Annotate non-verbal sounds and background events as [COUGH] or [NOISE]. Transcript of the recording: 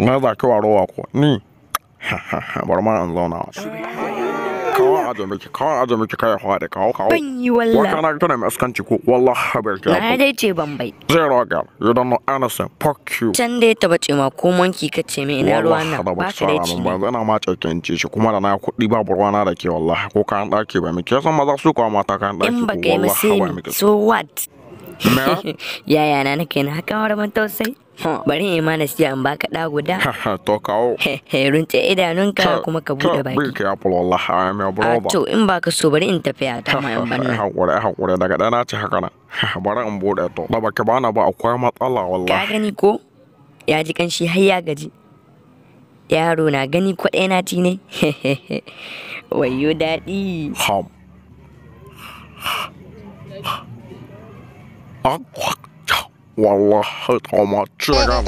na za ka warowa ko ni bari ma an zauna kawo ajo miki kawo ajo miki kai hawa da kawo kawo ban yi wallahi wai kana tana mai askanci ko wallahi bai ki na dai ce ban bai zai roga you don't know anderson fuck you can dai ta bace ma ko monki ka ce mai ina ruwa na ba ka dai ci ba zana ma cakken ce shi kuma da na kuɗi ba burwana da ke wallahi ko kayan ɗaki ba miki yasan maza su kawo mata ka ɗaki ko wallahi ba miki so what [LAUGHS] yaya na nake na haka warman tausayi bari in ma siya in baka da guda to kawo runce idanunka kuma ka bude baki ka yafi wallahi ai mai broba to in baka so bari in tafi a ta mai wannan hakuri hakuri daga dana ci haka na bari in bude to da baka bana ba akwai matsala wallahi ka gani ko ya ji kanshi har ya gaji yaro na gani ko ɗaya na ci ne [LAUGHS] wayo daɗi 啊，我操，完了，还他妈这样。